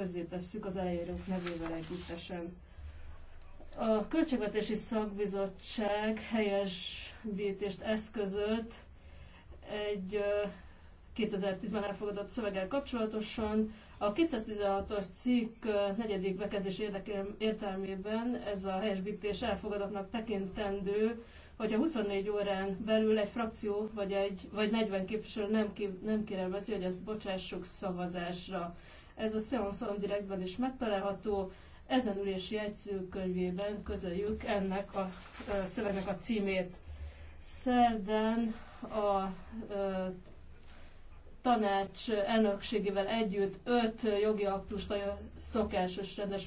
közzétesszük az elejérők nevével együttesen. A Költségvetési Szakbizottság helyes helyesbítést eszközölt egy 2010-ben elfogadott szöveggel kapcsolatosan. A 216-os cikk negyedik bekezdés értelmében ez a helyesbítés elfogadatnak tekintendő, hogyha 24 órán belül egy frakció vagy, egy, vagy 40 képviselő nem, ki, nem beszél, hogy ezt bocsássuk szavazásra. Ez a Seanson direktben is megtalálható, ezen ülési jegyzőkönyvében közöljük ennek a szövegnek a címét. Szerdán a tanács elnökségével együtt öt jogi aktust a szokásos rendes